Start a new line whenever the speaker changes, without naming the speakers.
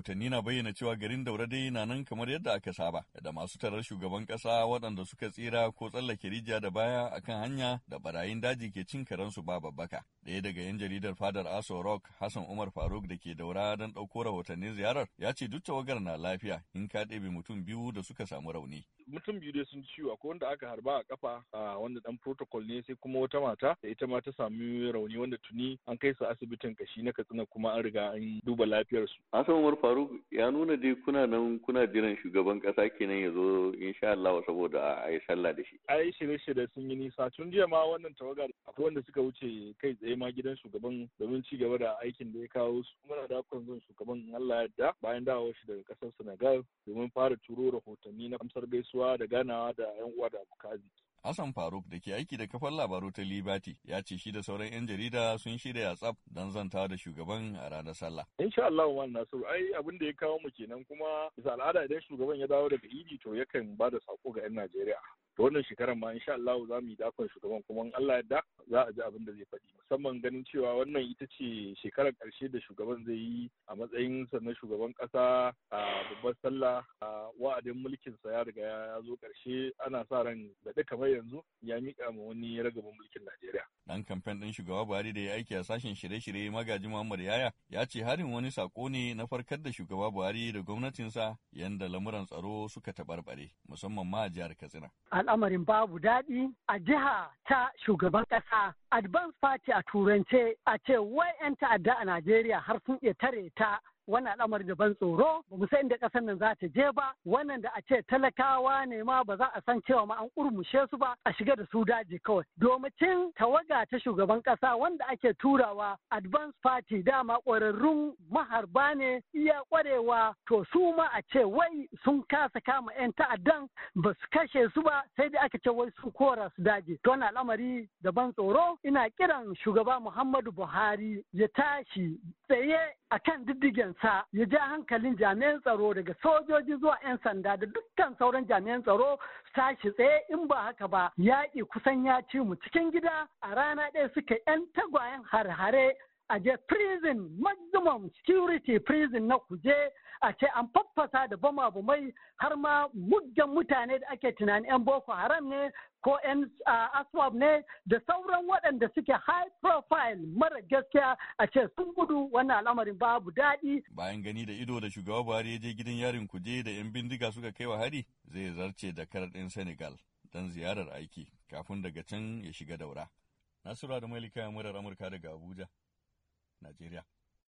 rahotanni na bayyana cewa garin daura dai na nan kamar yadda aka saba da masu tarar shugaban kasa waɗanda suka tsira ko tsallake rijiya da baya a kan hanya da barayin daji ke cin karensu ba babbaka ɗaya daga yan jaridar fadar aso rock hassan umar faruk da ke daura don ɗauko rahotannin ziyarar ya ce duk tawagar na lafiya in ka ɗebe mutum biyu da suka samu rauni
mutum biyu dai sun ciwo akwai wanda aka harba a kafa a wanda dan protocol ne sai kuma wata mata da ita ma ta sami rauni wanda tuni an kai su asibitin kashi na katsina kuma an riga an duba lafiyarsu.
Umar faruk ya nuna dai kuna nan kuna jiran shugaban kasa kenan ya zo insha Allah saboda a yi sallah da shi
ai shirye-shirye sun yi nisa tun jiya ma wannan tawaga akwai wanda suka wuce kai tsaye ma gidan shugaban domin ci gaba da aikin da ya kawo su muna da hakan zan shugaban Allah ya da bayan dawo shi daga kasar Senegal domin fara turo rahotanni na amsar gaisuwa da ganawa da yan uwa da abokan
Hassan Faruk da ke aiki da kafar labaru ta Liberty ya ce shi da sauran 'yan jarida sun shirya tsaf don zantawa da shugaban a ranar sallah.
Insha Allah wa Nasiru ai abin da ya kawo mu kenan kuma bisa al'ada idan shugaban ya dawo daga idi to yakan ba da sako ga 'yan Najeriya. da wannan shekarar ma insha Allah za mu yi dakon shugaban kuma Allah da za a ji abin da zai faɗi musamman ganin cewa wannan ita ce shekarar ƙarshe da shugaban zai yi a matsayin na shugaban ƙasa a babbar sallah a wa'adin mulkin sa ya riga ya zo ƙarshe ana sa ran da kamar yanzu ya miƙa ma wani ragaban mulkin Najeriya.
Dan kamfen ɗin shugaba Buhari da ya aiki a sashen shirye-shirye magaji Muhammad Yaya ya ce harin wani sako ne na farkar da shugaba Buhari da gwamnatinsa yanda lamuran tsaro suka taɓarɓare musamman ma a jihar Katsina.
Al'amarin babu daɗi a jiha ta shugaban ƙasa advance party a turance a ce wai 'yan ta'adda a Najeriya har sun iya tare ta wannan al'amari da ban tsoro ba mu san inda ƙasar nan za ta je ba wannan da a ce talakawa ne ma ba za a san cewa ma an kurmushe su ba a shiga da su daji kawai domin tawaga ta shugaban ƙasa wanda ake turawa advance party dama ƙwararrun maharba ne iya ƙwarewa to su ma a ce wai sun kasa kama 'yan ta'addan ba su kashe su ba sai dai aka ce wai sun kora su daji to wannan al'amari da ban tsoro ina kiran shugaba muhammadu buhari ya tashi tsaye a kan diddigensa ya ja hankalin jami'an tsaro daga sojoji zuwa 'yan sanda da dukkan sauran jami'an tsaro tashi tsaye in ba haka ba yaƙi kusan ya ci mu cikin gida a rana ɗaya suka 'yan tagwayen har-hare a je prison maximum security prison na kuje a ce an faffasa da bama mai har ma muggan mutane da ake tunanin 'yan boko haram ne ko 'yan aswab ne da sauran waɗanda suke high profile mara gaskiya a ce sun gudu wannan al'amarin babu daɗi.
bayan gani da ido da shugaba buhari ya je gidan yarin kuje da 'yan bindiga suka kai wa hari zai zarce da ɗin senegal don ziyarar aiki kafin daga can ya shiga daura. Nasura da Malika murar Amurka daga Abuja. Najeriya.